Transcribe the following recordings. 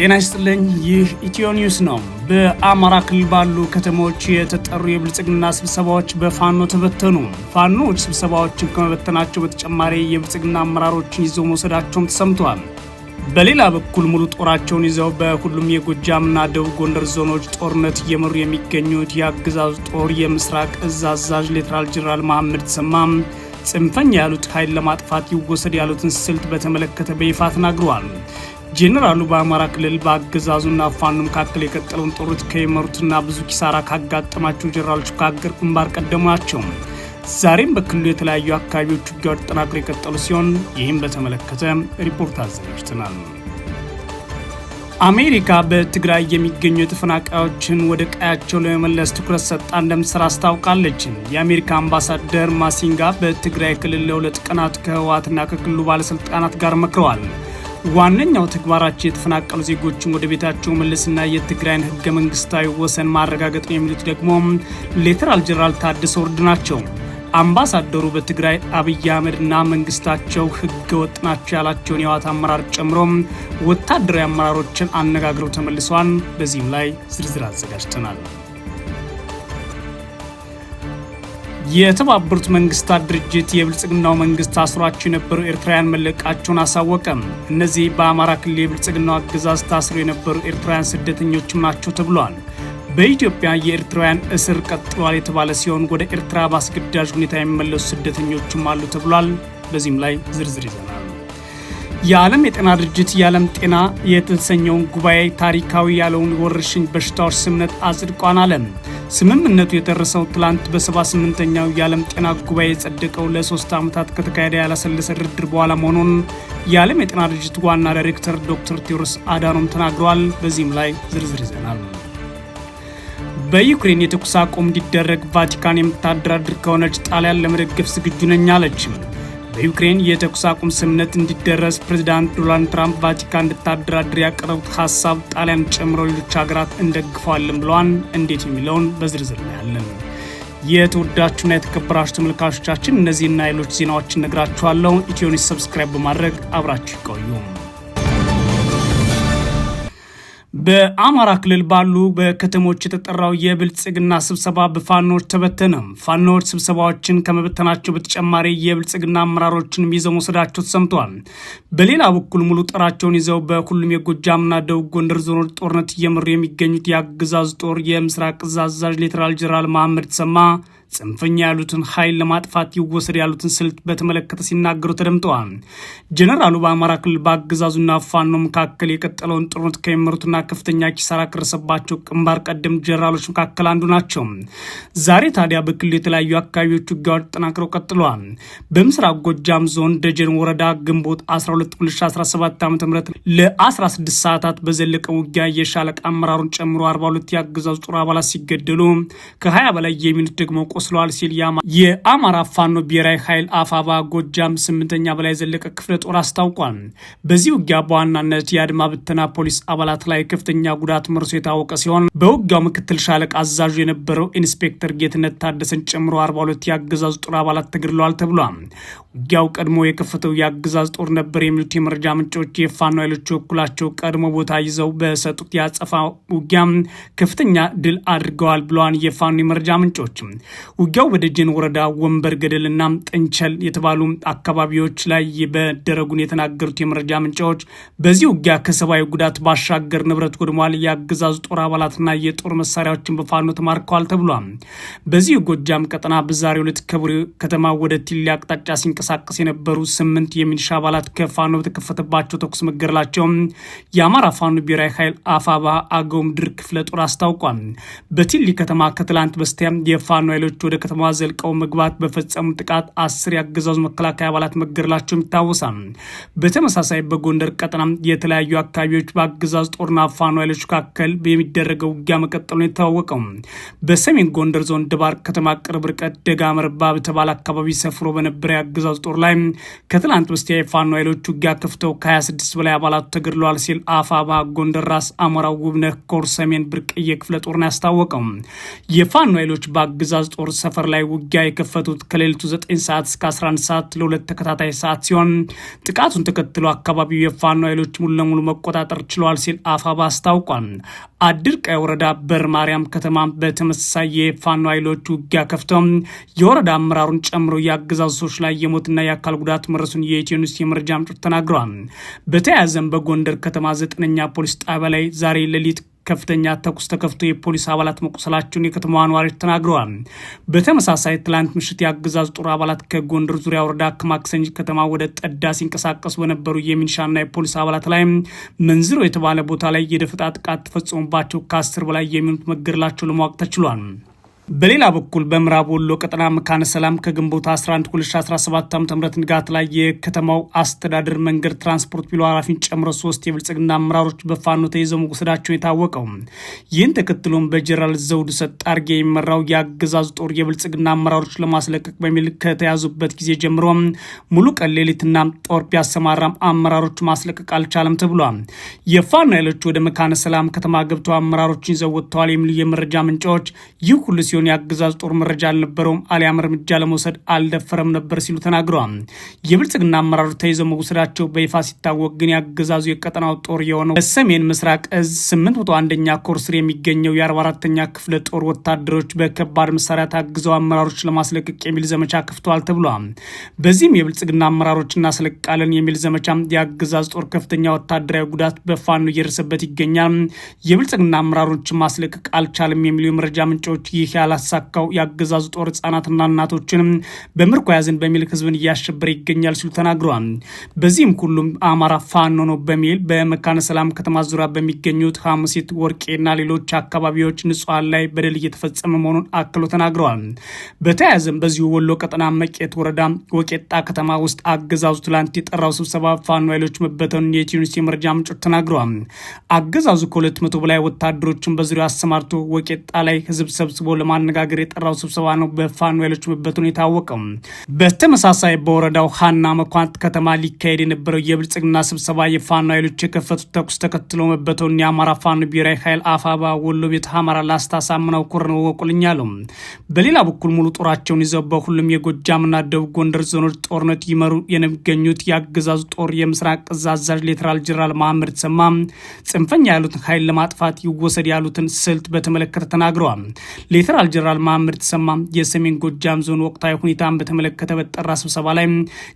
ጤና ይስጥልኝ። ይህ ኢትዮ ኒውስ ነው። በአማራ ክልል ባሉ ከተሞች የተጠሩ የብልጽግና ስብሰባዎች በፋኖ ተበተኑ። ፋኖዎች ስብሰባዎችን ከመበተናቸው በተጨማሪ የብልጽግና አመራሮችን ይዘው መውሰዳቸውም ተሰምቷል። በሌላ በኩል ሙሉ ጦራቸውን ይዘው በሁሉም የጎጃምና ደቡብ ጎንደር ዞኖች ጦርነት እየመሩ የሚገኙት የአገዛዙ ጦር የምስራቅ እዝ አዛዥ ሌተናል ጄኔራል መሐመድ ተሰማ ጽንፈኛ ያሉት ኃይል ለማጥፋት ይወሰድ ያሉትን ስልት በተመለከተ በይፋ ተናግረዋል። ጄኔራሉ በአማራ ክልል በአገዛዙና ፋኖ መካከል የቀጠለውን ጦርነት ከየመሩትና ብዙ ኪሳራ ካጋጠማቸው ጄኔራሎች መካከል ግንባር ቀደሙ ናቸው። ዛሬም በክልሉ የተለያዩ አካባቢዎች ውጊያዎች ተጠናክረው የቀጠሉ ሲሆን ይህም በተመለከተ ሪፖርት አዘጋጅተናል። አሜሪካ በትግራይ የሚገኙ የተፈናቃዮችን ወደ ቀያቸው ለመመለስ ትኩረት ሰጣ እንደምትሰራ አስታውቃለች። የአሜሪካ አምባሳደር ማሲንጋ በትግራይ ክልል ለሁለት ቀናት ከህወሓትና ከክልሉ ባለስልጣናት ጋር መክረዋል። ዋነኛው ተግባራቸው የተፈናቀሉ ዜጎችን ወደ ቤታቸው መልስና የትግራይን ህገ መንግስታዊ ወሰን ማረጋገጥ ነው የሚሉት ደግሞ ሌተናል ጀራል ታደሰ ወረደ ናቸው። አምባሳደሩ በትግራይ አብይ አህመድና መንግስታቸው ህገ ወጥ ናቸው ያላቸውን የህወሓት አመራር ጨምሮ ወታደራዊ አመራሮችን አነጋግረው ተመልሰዋል። በዚህም ላይ ዝርዝር አዘጋጅተናል። የተባበሩት መንግስታት ድርጅት የብልጽግናው መንግስት ታስሯቸው የነበሩ ኤርትራውያን መለቃቸውን አሳወቀም። እነዚህ በአማራ ክልል የብልጽግናው አገዛዝ ታስረው የነበሩ ኤርትራውያን ስደተኞችም ናቸው ተብሏል። በኢትዮጵያ የኤርትራውያን እስር ቀጥሏል የተባለ ሲሆን ወደ ኤርትራ በአስገዳጅ ሁኔታ የሚመለሱ ስደተኞችም አሉ ተብሏል። በዚህም ላይ ዝርዝር ይዘናል። የዓለም የጤና ድርጅት የዓለም ጤና የተሰኘውን ጉባኤ ታሪካዊ ያለውን ወረርሽኝ በሽታዎች ስምነት አጽድቋን አለም ስምምነቱ የደረሰው ትላንት በ78ኛው የዓለም ጤና ጉባኤ የጸደቀው ለሶስት ዓመታት ከተካሄደ ያላሰለሰ ድርድር በኋላ መሆኑን የዓለም የጤና ድርጅት ዋና ዳይሬክተር ዶክተር ቴዎድሮስ አዳኖም ተናግረዋል። በዚህም ላይ ዝርዝር ይዘናል። በዩክሬን የተኩስ አቁም እንዲደረግ ቫቲካን የምታደራድር ከሆነች ጣሊያን ለመደገፍ ዝግጁ ነኝ አለችም። በዩክሬን የተኩስ አቁም ስምምነት እንዲደረስ ፕሬዚዳንት ዶናልድ ትራምፕ ቫቲካን እንድታደራድር ያቀረቡት ሀሳብ ጣሊያን ጨምሮ ሌሎች ሀገራት እንደግፈዋለን ብለዋል። እንዴት የሚለውን በዝርዝር እናያለን። የተወዳችሁና የተከበራችሁ ተመልካቾቻችን እነዚህና ሌሎች ዜናዎችን ነግራችኋለሁ። ኢትዮኒስ ሰብስክራይብ በማድረግ አብራችሁ ይቆዩ። በአማራ ክልል ባሉ በከተሞች የተጠራው የብልጽግና ስብሰባ በፋኖች ተበተነ። ፋኖች ስብሰባዎችን ከመበተናቸው በተጨማሪ የብልጽግና አመራሮችንም ይዘው መውሰዳቸው ተሰምተዋል። በሌላ በኩል ሙሉ ጦራቸውን ይዘው በሁሉም የጎጃምና ደቡብ ጎንደር ዞኖች ጦርነት እየመሩ የሚገኙት የአገዛዝ ጦር የምስራቅ እዝ አዛዥ ሌተናል ጄኔራል መሐመድ ተሰማ ጽንፈኛ ያሉትን ኃይል ለማጥፋት ይወሰድ ያሉትን ስልት በተመለከተ ሲናገሩ ተደምጠዋል። ጀነራሉ በአማራ ክልል በአገዛዙና ፋኖ መካከል የቀጠለውን ጦርነት ከሚመሩትና ከፍተኛ ኪሳራ ከደረሰባቸው ግንባር ቀደም ጀነራሎች መካከል አንዱ ናቸው። ዛሬ ታዲያ በክልሉ የተለያዩ አካባቢዎች ውጊያዎች ተጠናክረው ቀጥለዋል። በምስራቅ ጎጃም ዞን ደጀን ወረዳ ግንቦት 12 2017 ዓ ም ለ16 ሰዓታት በዘለቀ ውጊያ የሻለቃ አመራሩን ጨምሮ 42 የአገዛዙ ጦር አባላት ሲገደሉ ከ20 በላይ የሚሉት ደግሞ ቆስለዋል ሲል የአማራ ፋኖ ብሔራዊ ኃይል አፋባ ጎጃም ስምንተኛ በላይ ዘለቀ ክፍለ ጦር አስታውቋል። በዚህ ውጊያ በዋናነት የአድማ ብተና ፖሊስ አባላት ላይ ከፍተኛ ጉዳት መርሶ የታወቀ ሲሆን በውጊያው ምክትል ሻለቃ አዛዡ የነበረው ኢንስፔክተር ጌትነት ታደሰን ጨምሮ 42 የአገዛዙ ጦር አባላት ተገድለዋል ተብሏል። ውጊያው ቀድሞ የከፈተው የአገዛዝ ጦር ነበር የሚሉት የመረጃ ምንጮች የፋኖ ኃይሎች በኩላቸው ቀድሞ ቦታ ይዘው በሰጡት የአጸፋ ውጊያ ከፍተኛ ድል አድርገዋል ብለዋል የፋኖ የመረጃ ምንጮች። ውጊያው በደጀን ወረዳ ወንበር ገደልና ጠንቸል የተባሉ አካባቢዎች ላይ በደረጉን የተናገሩት የመረጃ ምንጫዎች በዚህ ውጊያ ከሰብአዊ ጉዳት ባሻገር ንብረት ወድሟል፣ የአገዛዙ ጦር አባላትና የጦር መሳሪያዎችን በፋኖ ተማርከዋል ተብሏል። በዚህ የጎጃም ቀጠና በዛሬው ሁለት ከቡሬ ከተማ ወደ ቲሊ አቅጣጫ ሲንቀሳቀስ የነበሩ ስምንት የሚሊሻ አባላት ከፋኖ በተከፈተባቸው ተኩስ መገደላቸው የአማራ ፋኖ ብሔራዊ ኃይል አፋባ አገው ምድር ክፍለ ጦር አስታውቋል። በቲሊ ከተማ ከትላንት በስቲያ የፋኖ ኃይሎች ኃይሎች ወደ ከተማ ዘልቀው መግባት በፈጸሙ ጥቃት አስር የአገዛዙ መከላከያ አባላት መገደላቸውም ይታወሳል። በተመሳሳይ በጎንደር ቀጠና የተለያዩ አካባቢዎች በአገዛዝ ጦርና ፋኖ ኃይሎች መካከል የሚደረገው ውጊያ መቀጠሉ የታወቀው። በሰሜን ጎንደር ዞን ድባር ከተማ ቅርብ ርቀት መርባ በተባለ አካባቢ ሰፍሮ በነበረ የአገዛዝ ጦር ላይ ከትላንት በስቲያ የፋኖ ኃይሎች ውጊያ ከፍተው ከ26 በላይ አባላቱ ተገድለዋል ሲል አፋባ ጎንደር ራስ አሞራው ውብነህ ኮር ሰሜን ብርቅዬ ክፍለ ጦርን ያስታወቀው የፋኖ ኃይሎች በአገዛዝ ጦር ጦር ሰፈር ላይ ውጊያ የከፈቱት ከሌሊቱ 9 ሰዓት እስከ 11 ሰዓት ለሁለት ተከታታይ ሰዓት ሲሆን ጥቃቱን ተከትሎ አካባቢው የፋኖ ኃይሎች ሙሉ ለሙሉ መቆጣጠር ችለዋል ሲል አፋባ አስታውቋል። አድርቃይ ወረዳ በር ማርያም ከተማ በተመሳሳይ የፋኖ ኃይሎች ውጊያ ከፍተው የወረዳ አመራሩን ጨምሮ የአገዛዙ ሰዎች ላይ የሞትና የአካል ጉዳት መረሱን የኢትዮ ኒውስ የመረጃ ምንጮች ተናግረዋል። በተያያዘም በጎንደር ከተማ ዘጠነኛ ፖሊስ ጣቢያ ላይ ዛሬ ሌሊት ከፍተኛ ተኩስ ተከፍቶ የፖሊስ አባላት መቁሰላቸውን የከተማዋ ነዋሪዎች ተናግረዋል። በተመሳሳይ ትላንት ምሽት የአገዛዝ ጦር አባላት ከጎንደር ዙሪያ ወረዳ ከማክሰኝ ከተማ ወደ ጠዳ ሲንቀሳቀሱ በነበሩ የሚኒሻና የፖሊስ አባላት ላይ መንዝሮ የተባለ ቦታ ላይ የደፈጣ ጥቃት ተፈጽሞባቸው ከአስር በላይ የሚሆኑት መገደላቸው ለማወቅ ተችሏል። በሌላ በኩል በምዕራብ ወሎ ቀጠና መካነ ሰላም ከግንቦት 11 2017 ዓ ም ንጋት ላይ የከተማው አስተዳደር መንገድ ትራንስፖርት ቢሮ ኃላፊን ጨምሮ ሶስት የብልጽግና አመራሮች በፋኖ ተይዘው መወሰዳቸውን የታወቀው ይህን ተከትሎም በጀነራል ዘውዱ ሰጣርጌ የሚመራው የአገዛዙ ጦር የብልጽግና አመራሮች ለማስለቀቅ በሚል ከተያዙበት ጊዜ ጀምሮ ሙሉ ቀን ሌሊትና ጦር ቢያሰማራም አመራሮች ማስለቀቅ አልቻለም ተብሏል። የፋኖ ኃይሎች ወደ መካነ ሰላም ከተማ ገብተው አመራሮችን ይዘው ወጥተዋል የሚሉ የመረጃ ምንጫዎች ይህ ሁሉ ሲሆን የአገዛዝ ጦር መረጃ አልነበረውም አሊያም እርምጃ ለመውሰድ አልደፈረም ነበር ሲሉ ተናግረዋል። የብልጽግና አመራሮች ተይዘው መውሰዳቸው በይፋ ሲታወቅ ግን የአገዛዙ የቀጠናው ጦር የሆነው በሰሜን ምስራቅ እዝ 801ኛ ኮር ስር የሚገኘው የ44ኛ ክፍለ ጦር ወታደሮች በከባድ መሳሪያ ታግዘው አመራሮች ለማስለቀቅ የሚል ዘመቻ ከፍተዋል ተብሏል። በዚህም የብልጽግና አመራሮች እናስለቃለን የሚል ዘመቻ የአገዛዝ ጦር ከፍተኛ ወታደራዊ ጉዳት በፋኖ እየደረሰበት ይገኛል። የብልጽግና አመራሮች ማስለቀቅ አልቻለም የሚሉ የመረጃ ምንጮች ይህ ያላሳካው የአገዛዙ ጦር ህጻናትና እናቶችን በምርኮ ያዝን በሚል ህዝብን እያሸበረ ይገኛል ሲሉ ተናግረዋል። በዚህም ሁሉም አማራ ፋኖ ነው በሚል በመካነ ሰላም ከተማ ዙሪያ በሚገኙት ሐሙሲት፣ ወርቄና ሌሎች አካባቢዎች ንጹሐን ላይ በደል እየተፈጸመ መሆኑን አክሎ ተናግረዋል። በተያያዘም በዚሁ ወሎ ቀጠና መቄት ወረዳ ወቄጣ ከተማ ውስጥ አገዛዙ ትላንት የጠራው ስብሰባ ፋኖ ኃይሎች መበተኑን የቲዩኒስ የመረጃ ምንጮች ተናግረዋል። አገዛዙ ከሁለት መቶ በላይ ወታደሮችን በዙሪያው አሰማርቶ ወቄጣ ላይ ህዝብ ሰብስቦ ለማ ለማነጋገር የጠራው ስብሰባ ነው በፋኖ ኃይሎች መበተኑ የታወቀው። በተመሳሳይ በወረዳው ሀና መኳንት ከተማ ሊካሄድ የነበረው የብልጽግና ስብሰባ የፋኖ ኃይሎች የከፈቱት ተኩስ ተከትሎ መበተውን የአማራ ፋኖ ብሔራዊ ኃይል አፋባ ወሎ ቤት አማራ ላስታ ሳምናው ኩር ነው ወቁልኛ ወቁልኛሉ። በሌላ በኩል ሙሉ ጦራቸውን ይዘው በሁሉም የጎጃምና ደቡብ ጎንደር ዞኖች ጦርነት ይመሩ የሚገኙት የአገዛዙ ጦር የምስራቅ እዝ አዛዥ ሌተናል ጄኔራል መሐመድ ተሰማ ጽንፈኛ ያሉትን ኃይል ለማጥፋት ይወሰድ ያሉትን ስልት በተመለከተ ተናግረዋል። ሌተናል ሌተናል ጀነራል መሐመድ ተሰማ የሰሜን ጎጃም ዞን ወቅታዊ ሁኔታን በተመለከተ በጠራ ስብሰባ ላይ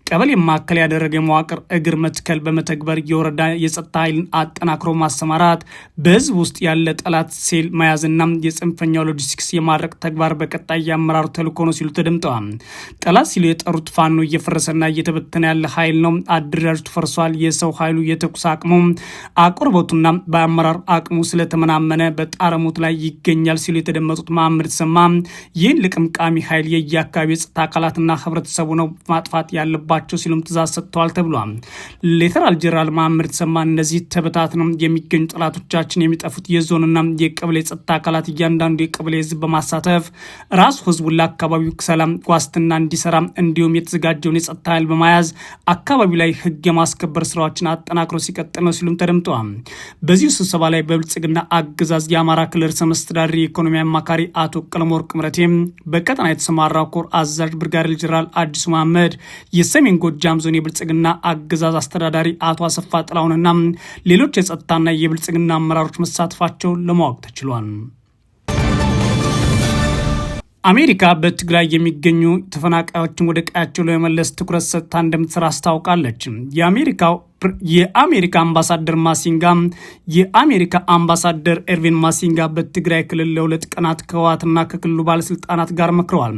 ቀበሌ ማዕከል ያደረገ መዋቅር እግር መትከል በመተግበር የወረዳ የጸጥታ ኃይልን አጠናክሮ ማሰማራት በህዝብ ውስጥ ያለ ጠላት ሴል መያዝና የጽንፈኛው ሎጂስቲክስ የማድረቅ ተግባር በቀጣይ የአመራሩ ተልእኮ ነው ሲሉ ተደምጠዋል። ጠላት ሲሉ የጠሩት ፋኖ እየፈረሰና እየተበተነ ያለ ኃይል ነው። አደረጃጀቱ ፈርሷል። የሰው ኃይሉ የተኩስ አቅሙ አቁርበቱና በአመራር አቅሙ ስለተመናመነ በጣረሞት ላይ ይገኛል ሲሉ የተደመጡት መሐመድ አልሰማም። ይህን ልቅምቃሚ ኃይል የየአካባቢ የጸጥታ አካላትና ህብረተሰቡ ነው ማጥፋት ያለባቸው ሲሉም ትእዛዝ ሰጥተዋል ተብሏል። ሌተናል ጄኔራል መሐመድ ተሰማ እነዚህ ተበታትነው የሚገኙ ጠላቶቻችን የሚጠፉት የዞንና የቀበሌ የጸጥታ አካላት እያንዳንዱ የቀበሌ ህዝብ በማሳተፍ ራሱ ህዝቡን ለአካባቢው ሰላም ዋስትና እንዲሰራ እንዲሁም የተዘጋጀውን የጸጥታ ኃይል በመያዝ አካባቢው ላይ ህግ የማስከበር ስራዎችን አጠናክሮ ሲቀጥል ነው ሲሉም ተደምጠዋል። በዚሁ ስብሰባ ላይ በብልጽግና አገዛዝ የአማራ ክልል ርዕሰ መስተዳድር የኢኮኖሚ አማካሪ አቶ ወርቅ ምረቴም በቀጠና የተሰማራ ኮር አዛዥ ብርጋዴር ጄኔራል አዲሱ መሐመድ፣ የሰሜን ጎጃም ዞን የብልጽግና አገዛዝ አስተዳዳሪ አቶ አሰፋ ጥላውንና ሌሎች የጸጥታና የብልጽግና አመራሮች መሳተፋቸው ለማወቅ ተችሏል። አሜሪካ በትግራይ የሚገኙ ተፈናቃዮችን ወደ ቀያቸው ለመመለስ ትኩረት ሰጥታ እንደምትሰራ አስታውቃለች። የአሜሪካው የአሜሪካ አምባሳደር ማሲንጋ የአሜሪካ አምባሳደር ኤርቪን ማሲንጋ በትግራይ ክልል ለሁለት ቀናት ከህወሓትና ከክልሉ ባለስልጣናት ጋር መክረዋል።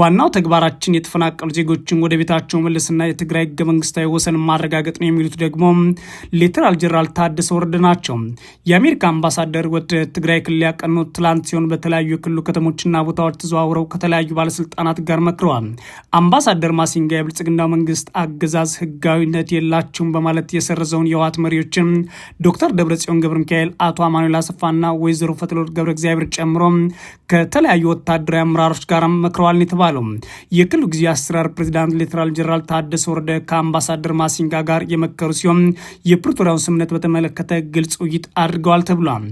ዋናው ተግባራችን የተፈናቀሉ ዜጎችን ወደ ቤታቸው መልስና የትግራይ ህገ መንግስታዊ ወሰን ማረጋገጥ ነው የሚሉት ደግሞ ሌተናል ጀነራል ታደሰ ወረደ ናቸው። የአሜሪካ አምባሳደር ወደ ትግራይ ክልል ያቀኑት ትላንት ሲሆን በተለያዩ የክልሉ ከተሞችና ቦታዎች ተዘዋውረው ከተለያዩ ባለስልጣናት ጋር መክረዋል። አምባሳደር ማሲንጋ የብልጽግናው መንግስት አገዛዝ ህጋዊነት የላቸውም በማለት በማለት የሰረዘውን የህወሓት መሪዎችን ዶክተር ደብረጽዮን ገብረ ሚካኤል፣ አቶ አማኑኤል አሰፋና ወይዘሮ ፈትለወርቅ ገብረ እግዚአብሔር ጨምሮ ከተለያዩ ወታደራዊ አመራሮች ጋር መክረዋል የተባለው የክልሉ ጊዜ አሰራር ፕሬዚዳንት ሌተናል ጀነራል ታደሰ ወረደ ከአምባሳደር ማሲንጋ ጋር የመከሩ ሲሆን የፕሪቶሪያውን ስምምነት በተመለከተ ግልጽ ውይይት አድርገዋል ተብሏል።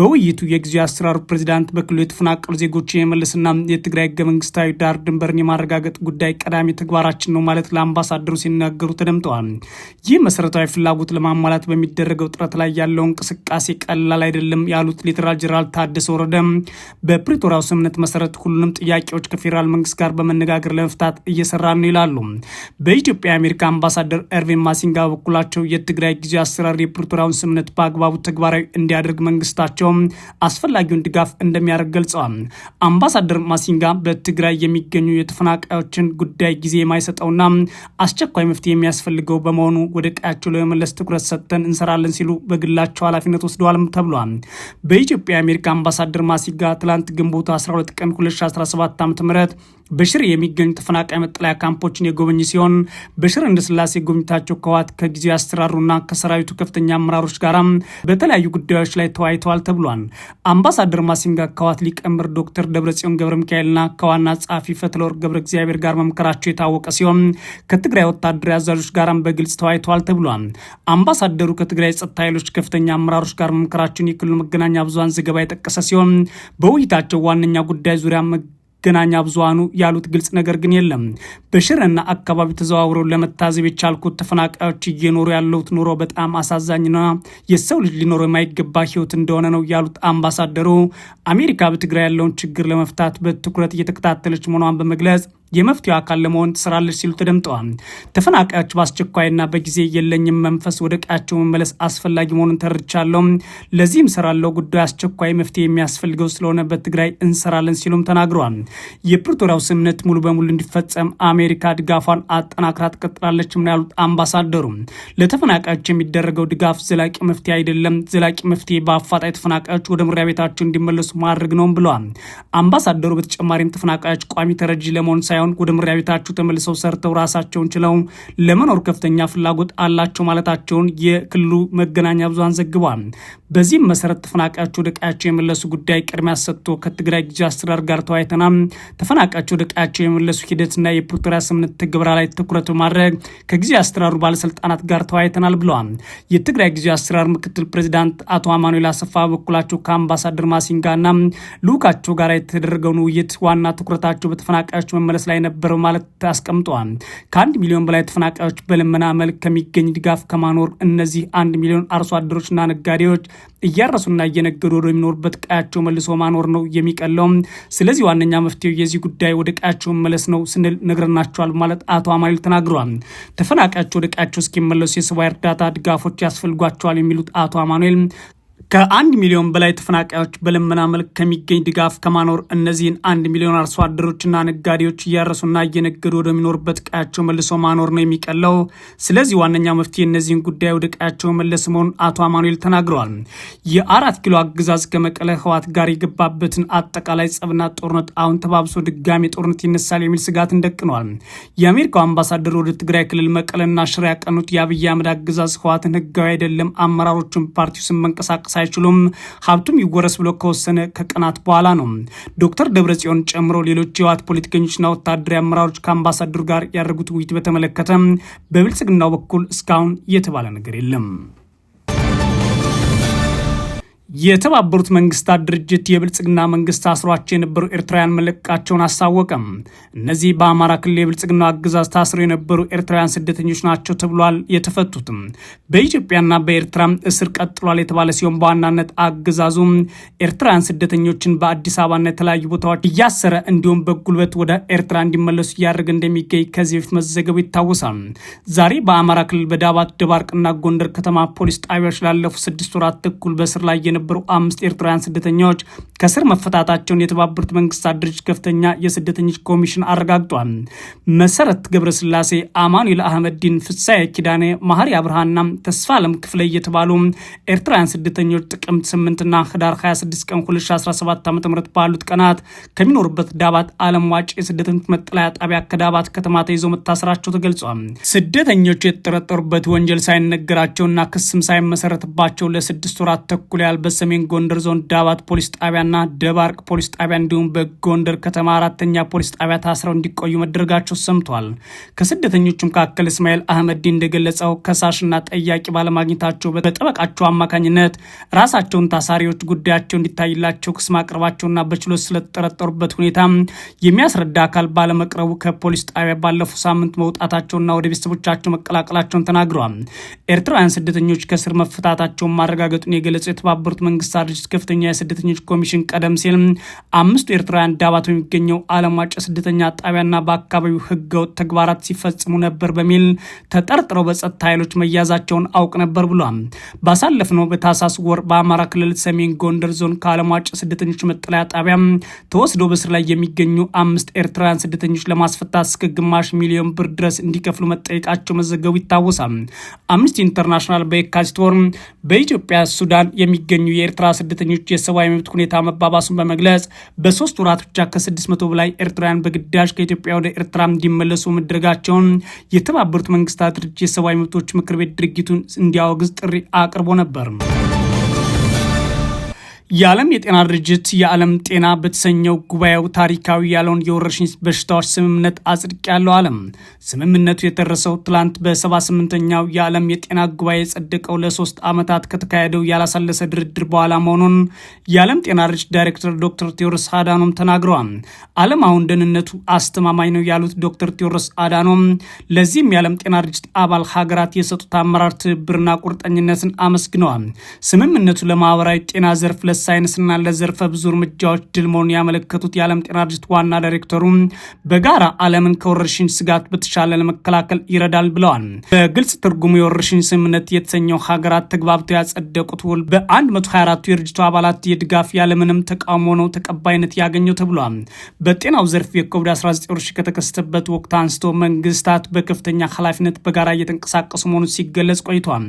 በውይይቱ የጊዜ አሰራሩ ፕሬዚዳንት በክልሉ የተፈናቀሉ ዜጎች የመለስና የትግራይ ህገ መንግስታዊ ዳር ድንበርን የማረጋገጥ ጉዳይ ቀዳሚ ተግባራችን ነው ማለት ለአምባሳደሩ ሲናገሩ ተደምጠዋል። ይህ መሰረት መሰረታዊ ፍላጎት ለማሟላት በሚደረገው ጥረት ላይ ያለው እንቅስቃሴ ቀላል አይደለም ያሉት ሌተናል ጄኔራል ታደሰ ወረደ በፕሪቶሪያው ስምምነት መሰረት ሁሉንም ጥያቄዎች ከፌዴራል መንግስት ጋር በመነጋገር ለመፍታት እየሰራ ነው ይላሉ። በኢትዮጵያ የአሜሪካ አምባሳደር ኤርቪን ማሲንጋ በበኩላቸው የትግራይ ጊዜ አሰራር የፕሪቶሪያውን ስምምነት በአግባቡ ተግባራዊ እንዲያደርግ መንግስታቸው አስፈላጊውን ድጋፍ እንደሚያደርግ ገልጸዋል። አምባሳደር ማሲንጋ በትግራይ የሚገኙ የተፈናቃዮችን ጉዳይ ጊዜ የማይሰጠውና አስቸኳይ መፍትሄ የሚያስፈልገው በመሆኑ ወደ ቀያቸው ጥያቄያቸው ለመመለስ ትኩረት ሰጥተን እንሰራለን ሲሉ በግላቸው ኃላፊነት ወስደዋልም ተብሏል። በኢትዮጵያ የአሜሪካ አምባሳደር ማሲጋ ትላንት ግንቦት 12 ቀን 2017 ዓ ም በሽር የሚገኙ ተፈናቃይ መጠለያ ካምፖችን የጎበኝ ሲሆን በሽር እንደስላሴ ጎብኝታቸው ከህወሓት ከጊዜያዊ አስተዳደሩና ከሰራዊቱ ከፍተኛ አመራሮች ጋር በተለያዩ ጉዳዮች ላይ ተወያይተዋል ተብሏል። አምባሳደር ማሲንጋ ከዋት ሊቀመንበር ዶክተር ደብረጽዮን ገብረ ሚካኤልና ከዋና ጸሐፊ ፈትለወርቅ ገብረ እግዚአብሔር ጋር መምከራቸው የታወቀ ሲሆን ከትግራይ ወታደራዊ አዛዦች ጋራም በግልጽ ተወያይተዋል ተብሏል። አምባሳደሩ ከትግራይ ጸጥታ ኃይሎች ከፍተኛ አመራሮች ጋር መምከራቸውን የክልሉ መገናኛ ብዙሃን ዘገባ የጠቀሰ ሲሆን በውይይታቸው ዋነኛ ጉዳይ ዙሪያ መገናኛ ብዙሃኑ ያሉት ግልጽ ነገር ግን የለም። በሽረና አካባቢ ተዘዋውረው ለመታዘብ የቻልኩት ተፈናቃዮች እየኖሩ ያለውት ኑሮ በጣም አሳዛኝና የሰው ልጅ ሊኖረው የማይገባ ህይወት እንደሆነ ነው ያሉት አምባሳደሩ አሜሪካ በትግራይ ያለውን ችግር ለመፍታት በትኩረት እየተከታተለች መሆኗን በመግለጽ የመፍትሄው አካል ለመሆን ትሰራለች ሲሉ ተደምጠዋል። ተፈናቃዮች በአስቸኳይና በጊዜ የለኝም መንፈስ ወደ ቀያቸው መመለስ አስፈላጊ መሆኑን ተረድቻለሁ። ለዚህም ሰራለው ጉዳዩ አስቸኳይ መፍትሄ የሚያስፈልገው ስለሆነ በትግራይ እንሰራለን ሲሉም ተናግረዋል። የፕሪቶሪያው ስምምነት ሙሉ በሙሉ እንዲፈጸም አሜሪካ ድጋፏን አጠናክራ ትቀጥላለች ምን ያሉት አምባሳደሩ ለተፈናቃዮች የሚደረገው ድጋፍ ዘላቂ መፍትሄ አይደለም። ዘላቂ መፍትሄ በአፋጣኝ ተፈናቃዮች ወደ መኖሪያ ቤታቸው እንዲመለሱ ማድረግ ነውም ብለዋል። አምባሳደሩ በተጨማሪም ተፈናቃዮች ቋሚ ተረጂ ለመሆን ሳይሆን ሳይሆን ወደ መኖሪያ ቤታቸው ተመልሰው ሰርተው ራሳቸውን ችለው ለመኖር ከፍተኛ ፍላጎት አላቸው ማለታቸውን የክልሉ መገናኛ ብዙሃን ዘግቧል። በዚህም መሰረት ተፈናቃያቸው ወደ ቀያቸው የመለሱ ጉዳይ ቅድሚያ ሰጥቶ ከትግራይ ጊዜ አስተዳደር ጋር ተወያይተናል። ተፈናቃያቸው ወደ ቀያቸው የመለሱ ሂደትና የፕሪቶሪያ ስምምነት ትግበራ ላይ ትኩረት በማድረግ ከጊዜ አስተዳደሩ ባለስልጣናት ጋር ተወያይተናል ብለዋል። የትግራይ ጊዜ አስተዳደር ምክትል ፕሬዚዳንት አቶ አማኑኤል አሰፋ በበኩላቸው ከአምባሳደር ማሲንጋና ልዑካቸው ጋር የተደረገውን ውይይት ዋና ትኩረታቸው በተፈናቃያቸው መመለስ ላይ ላይ ነበረው ማለት አስቀምጠዋል። ከአንድ ሚሊዮን በላይ ተፈናቃዮች በልመና መልክ ከሚገኝ ድጋፍ ከማኖር እነዚህ አንድ ሚሊዮን አርሶ አደሮችና ነጋዴዎች እያረሱና እየነገዱ ወደሚኖሩበት ቀያቸው መልሶ ማኖር ነው የሚቀለውም። ስለዚህ ዋነኛ መፍትሄው የዚህ ጉዳይ ወደ ቀያቸው መለስ ነው ስንል ነግረናቸዋል ማለት አቶ አማሌል ተናግረዋል። ተፈናቃያቸው ወደ ቀያቸው እስኪመለሱ የሰብአዊ እርዳታ ድጋፎች ያስፈልጓቸዋል የሚሉት አቶ አማኑኤል ከአንድ ሚሊዮን በላይ ተፈናቃዮች በልመና መልክ ከሚገኝ ድጋፍ ከማኖር እነዚህን አንድ ሚሊዮን አርሶ አደሮችና ነጋዴዎች እያረሱና እየነገዱ ወደሚኖርበት ቀያቸው መልሶ ማኖር ነው የሚቀለው። ስለዚህ ዋነኛው መፍትሄ እነዚህን ጉዳይ ወደ ቀያቸው መለስ መሆኑን አቶ አማኑኤል ተናግረዋል። የአራት ኪሎ አገዛዝ ከመቀለ ህዋት ጋር የገባበትን አጠቃላይ ጸብና ጦርነት አሁን ተባብሶ ድጋሚ ጦርነት ይነሳል የሚል ስጋትን ደቅኗል። የአሜሪካው አምባሳደር ወደ ትግራይ ክልል መቀለና ሽሬ ያቀኑት የአብይ አህመድ አገዛዝ ህዋትን ህጋዊ አይደለም አመራሮችን ፓርቲው ስም መንቀሳቀስ መንቀሳቀስ አይችሉም። ሀብቱም ይወረስ ብሎ ከወሰነ ከቀናት በኋላ ነው። ዶክተር ደብረጽዮን ጨምሮ ሌሎች የህወሓት ፖለቲከኞችና ወታደራዊ አመራሮች ከአምባሳደሩ ጋር ያደረጉት ውይይት በተመለከተ በብልጽግናው በኩል እስካሁን የተባለ ነገር የለም። የተባበሩት መንግስታት ድርጅት የብልጽግና መንግስት አስሯቸው የነበሩ ኤርትራውያን መለቀቃቸውን አሳወቀም። እነዚህ በአማራ ክልል የብልጽግና አገዛዝ ታስረው የነበሩ ኤርትራውያን ስደተኞች ናቸው ተብሏል። የተፈቱትም በኢትዮጵያና በኤርትራ እስር ቀጥሏል የተባለ ሲሆን በዋናነት አገዛዙ ኤርትራውያን ስደተኞችን በአዲስ አበባና የተለያዩ ቦታዎች እያሰረ እንዲሁም በጉልበት ወደ ኤርትራ እንዲመለሱ እያደረገ እንደሚገኝ ከዚህ በፊት መዘገቡ ይታወሳል። ዛሬ በአማራ ክልል በዳባት ደባርቅና ጎንደር ከተማ ፖሊስ ጣቢያዎች ላለፉት ስድስት ወራት ተኩል በእስር ላይ የነበሩ አምስት ኤርትራውያን ስደተኞች ከስር መፈታታቸውን የተባበሩት መንግስታት ድርጅት ከፍተኛ የስደተኞች ኮሚሽን አረጋግጧል። መሰረት ገብረስላሴ፣ አማኑኤል አህመድዲን፣ ፍሳዬ ኪዳኔ፣ ማህሪ አብርሃና ተስፋ አለም ክፍለ እየተባሉ ኤርትራውያን ስደተኞች ጥቅምት 8ና ህዳር 26 ቀን 2017 ዓ ም ባሉት ቀናት ከሚኖሩበት ዳባት አለም ዋጭ የስደተኞች መጠለያ ጣቢያ ከዳባት ከተማ ተይዘው መታሰራቸው ተገልጿል። ስደተኞቹ የተጠረጠሩበት ወንጀል ሳይነገራቸውና ክስም ሳይመሰረትባቸው ለስድስት ወራት ተኩል ያልበ በሰሜን ጎንደር ዞን ዳባት ፖሊስ ጣቢያና ደባርቅ ፖሊስ ጣቢያ እንዲሁም በጎንደር ከተማ አራተኛ ፖሊስ ጣቢያ ታስረው እንዲቆዩ መደረጋቸው ሰምቷል። ከስደተኞቹ መካከል እስማኤል አህመድ እንደገለጸው ከሳሽና ጠያቂ ባለማግኘታቸው በጠበቃቸው አማካኝነት ራሳቸውን ታሳሪዎች ጉዳያቸው እንዲታይላቸው ክስ ማቅረባቸውና በችሎት ስለተጠረጠሩበት ሁኔታ የሚያስረዳ አካል ባለመቅረቡ ከፖሊስ ጣቢያ ባለፉ ሳምንት መውጣታቸውና ወደ ቤተሰቦቻቸው መቀላቀላቸውን ተናግረዋል። ኤርትራውያን ስደተኞች ከስር መፈታታቸውን ማረጋገጡን የገለጸው የተባበሩ የተባበሩት መንግስታት ድርጅት ከፍተኛ የስደተኞች ኮሚሽን ቀደም ሲል አምስቱ ኤርትራውያን ዳባት በሚገኘው ዓለም ዋጭ ስደተኛ ጣቢያና በአካባቢው ህገወጥ ተግባራት ሲፈጽሙ ነበር በሚል ተጠርጥረው በጸጥታ ኃይሎች መያዛቸውን አውቅ ነበር ብሏል። ባሳለፍነው በታህሳስ ወር በአማራ ክልል ሰሜን ጎንደር ዞን ከዓለም ዋጭ ስደተኞች መጠለያ ጣቢያ ተወስደው በስር ላይ የሚገኙ አምስት ኤርትራውያን ስደተኞች ለማስፈታት እስከ ግማሽ ሚሊዮን ብር ድረስ እንዲከፍሉ መጠየቃቸው መዘገቡ ይታወሳል። አምነስቲ ኢንተርናሽናል በየካቲት ወር በኢትዮጵያ ሱዳን የሚገኙ የሚገኙ የኤርትራ ስደተኞች የሰብአዊ መብት ሁኔታ መባባሱን በመግለጽ በሶስት ወራት ብቻ ከ600 በላይ ኤርትራውያን በግዳጅ ከኢትዮጵያ ወደ ኤርትራ እንዲመለሱ መደረጋቸውን የተባበሩት መንግስታት ድርጅት የሰብአዊ መብቶች ምክር ቤት ድርጊቱን እንዲያወግዝ ጥሪ አቅርቦ ነበር። የዓለም የጤና ድርጅት የዓለም ጤና በተሰኘው ጉባኤው ታሪካዊ ያለውን የወረርሽኝ በሽታዎች ስምምነት አጽድቅ ያለው ዓለም ስምምነቱ የተደረሰው ትላንት በ78ኛው የዓለም የጤና ጉባኤ የጸደቀው ለሶስት ዓመታት ከተካሄደው ያላሳለሰ ድርድር በኋላ መሆኑን የዓለም ጤና ድርጅት ዳይሬክተር ዶክተር ቴዎድሮስ አዳኖም ተናግረዋል። ዓለም አሁን ደህንነቱ አስተማማኝ ነው ያሉት ዶክተር ቴዎድሮስ አዳኖም ለዚህም የዓለም ጤና ድርጅት አባል ሀገራት የሰጡት አመራር ትብብርና ቁርጠኝነትን አመስግነዋል። ስምምነቱ ለማህበራዊ ጤና ዘርፍ ሳይንስና ለዘርፈ ብዙ እርምጃዎች ድል መሆኑን ያመለከቱት የዓለም ጤና ድርጅት ዋና ዳይሬክተሩ በጋራ ዓለምን ከወረርሽኝ ስጋት በተሻለ ለመከላከል ይረዳል ብለዋል። በግልጽ ትርጉሙ የወረርሽኝ ስምምነት የተሰኘው ሀገራት ተግባብተው ያጸደቁት ውል በ124ቱ የድርጅቱ አባላት የድጋፍ ያለምንም ተቃውሞ ነው ተቀባይነት ያገኘው ተብሏል። በጤናው ዘርፍ የኮቪድ-19 ወረርሽኝ ከተከሰተበት ወቅት አንስቶ መንግስታት በከፍተኛ ኃላፊነት በጋራ እየተንቀሳቀሱ መሆኑን ሲገለጽ ቆይቷል።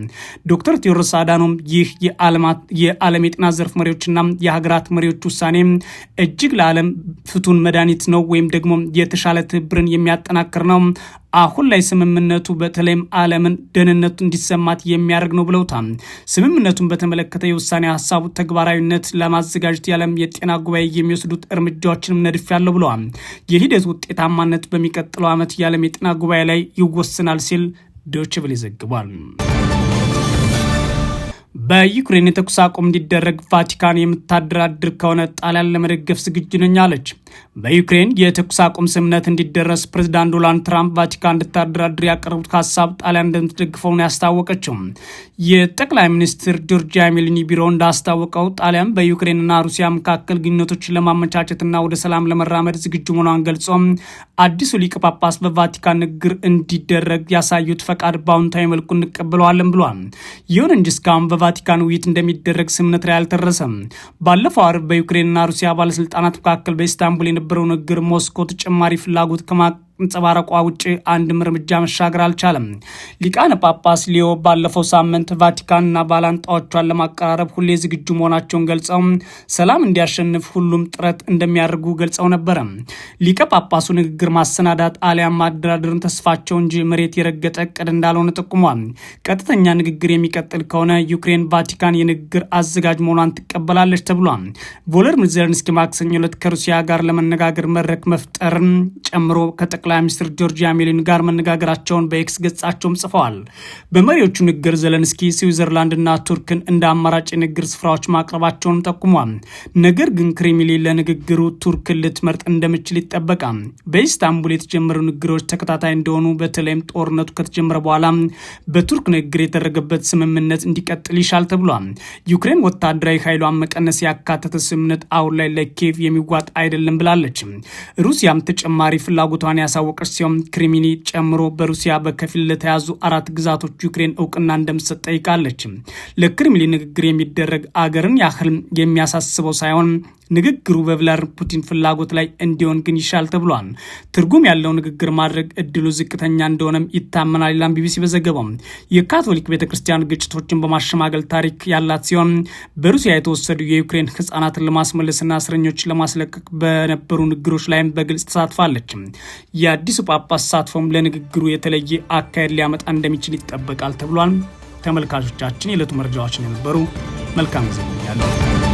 ዶክተር ቴዎድሮስ አዳኖም ይህ የዓለም የጤና ዘርፍ መሪዎች ሀገሮችና የሀገራት መሪዎች ውሳኔ እጅግ ለዓለም ፍቱን መድኃኒት ነው ወይም ደግሞ የተሻለ ትብብርን የሚያጠናክር ነው። አሁን ላይ ስምምነቱ በተለይም ዓለምን ደህንነቱ እንዲሰማት የሚያደርግ ነው ብለውታል። ስምምነቱን በተመለከተ የውሳኔ ሀሳቡ ተግባራዊነት ለማዘጋጀት የዓለም የጤና ጉባኤ የሚወስዱት እርምጃዎችንም ነድፍ ያለው ብለዋል። የሂደት ውጤታማነት በሚቀጥለው ዓመት የዓለም የጤና ጉባኤ ላይ ይወስናል ሲል ዶችብል ይዘግቧል። በዩክሬን የተኩስ አቁም እንዲደረግ ቫቲካን የምታደራድር ከሆነ ጣሊያን ለመደገፍ ዝግጁ ነኝ አለች። በዩክሬን የተኩስ አቁም ስምምነት እንዲደረስ ፕሬዚዳንት ዶናልድ ትራምፕ ቫቲካን እንድታደራድር ያቀረቡት ሀሳብ ጣሊያን እንደምትደግፈውን ያስታወቀችው የጠቅላይ ሚኒስትር ጆርጂያ ሜሊኒ ቢሮ እንዳስታወቀው ጣሊያን በዩክሬንና ሩሲያ መካከል ግንኙነቶችን ለማመቻቸትና ወደ ሰላም ለመራመድ ዝግጁ መሆኗን ገልጾ አዲሱ ሊቀ ጳጳስ በቫቲካን ንግግር እንዲደረግ ያሳዩት ፈቃድ በአሁንታዊ መልኩ እንቀበለዋለን ብሏል። ይሁን እንጂ እስካሁን በቫቲካን ውይይት እንደሚደረግ ስምምነት ላይ አልተደረሰም። ባለፈው አርብ በዩክሬንና ሩሲያ ባለስልጣናት መካከል በኢስታንቡል የነበረው ንግግር ሞስኮ ተጨማሪ ፍላጎት ከማ መንጸባረቋ ውጭ አንድም እርምጃ መሻገር አልቻለም። ሊቃነ ጳጳስ ሊዮ ባለፈው ሳምንት ቫቲካንና ባላንጣዎቿን ለማቀራረብ ሁሌ ዝግጁ መሆናቸውን ገልጸው ሰላም እንዲያሸንፍ ሁሉም ጥረት እንደሚያደርጉ ገልጸው ነበረ። ሊቀ ጳጳሱ ንግግር ማሰናዳት አሊያም ማደራደርን ተስፋቸው እንጂ መሬት የረገጠ እቅድ እንዳልሆነ ጠቁሟል። ቀጥተኛ ንግግር የሚቀጥል ከሆነ ዩክሬን ቫቲካን የንግግር አዘጋጅ መሆኗን ትቀበላለች ተብሏል። ቮሎድሚር ዘለንስኪ ማክሰኞ ዕለት ከሩሲያ ጋር ለመነጋገር መድረክ መፍጠርን ጨምሮ ከጠ ጠቅላይ ሚኒስትር ጆርጂያ ሜሊን ጋር መነጋገራቸውን በኤክስ ገጻቸውም ጽፈዋል። በመሪዎቹ ንግግር ዘለንስኪ ስዊዘርላንድና ቱርክን እንደ አማራጭ የንግግር ስፍራዎች ማቅረባቸውንም ጠቁሟል። ነገር ግን ክሬምሊን ለንግግሩ ቱርክን ልትመርጥ እንደምችል ይጠበቃል። በኢስታንቡል የተጀመሩ ንግግሮች ተከታታይ እንደሆኑ በተለይም ጦርነቱ ከተጀመረ በኋላ በቱርክ ንግግር የተደረገበት ስምምነት እንዲቀጥል ይሻል ተብሏል። ዩክሬን ወታደራዊ ኃይሏን መቀነስ ያካተተ ስምምነት አሁን ላይ ለኬቭ የሚዋጥ አይደለም ብላለች። ሩሲያም ተጨማሪ ፍላጎቷን ያሳወቀች ሲሆን ክሪሚኒ ጨምሮ በሩሲያ በከፊል ለተያዙ አራት ግዛቶች ዩክሬን እውቅና እንደምትሰጥ ጠይቃለች። ለክሪምሊን ንግግር የሚደረግ አገርን ያህል የሚያሳስበው ሳይሆን ንግግሩ በቭላድሚር ፑቲን ፍላጎት ላይ እንዲሆን ግን ይሻል ተብሏል። ትርጉም ያለው ንግግር ማድረግ እድሉ ዝቅተኛ እንደሆነም ይታመናል። ሌላም ቢቢሲ በዘገበው የካቶሊክ ቤተ ክርስቲያን ግጭቶችን በማሸማገል ታሪክ ያላት ሲሆን በሩሲያ የተወሰዱ የዩክሬን ህጻናትን ለማስመለስና እስረኞችን ለማስለቀቅ በነበሩ ንግግሮች ላይም በግልጽ ተሳትፋለች። የአዲሱ ጳጳስ ተሳትፎም ለንግግሩ የተለየ አካሄድ ሊያመጣ እንደሚችል ይጠበቃል ተብሏል። ተመልካቾቻችን የዕለቱ መረጃዎችን የነበሩ መልካም ጊዜ ያለው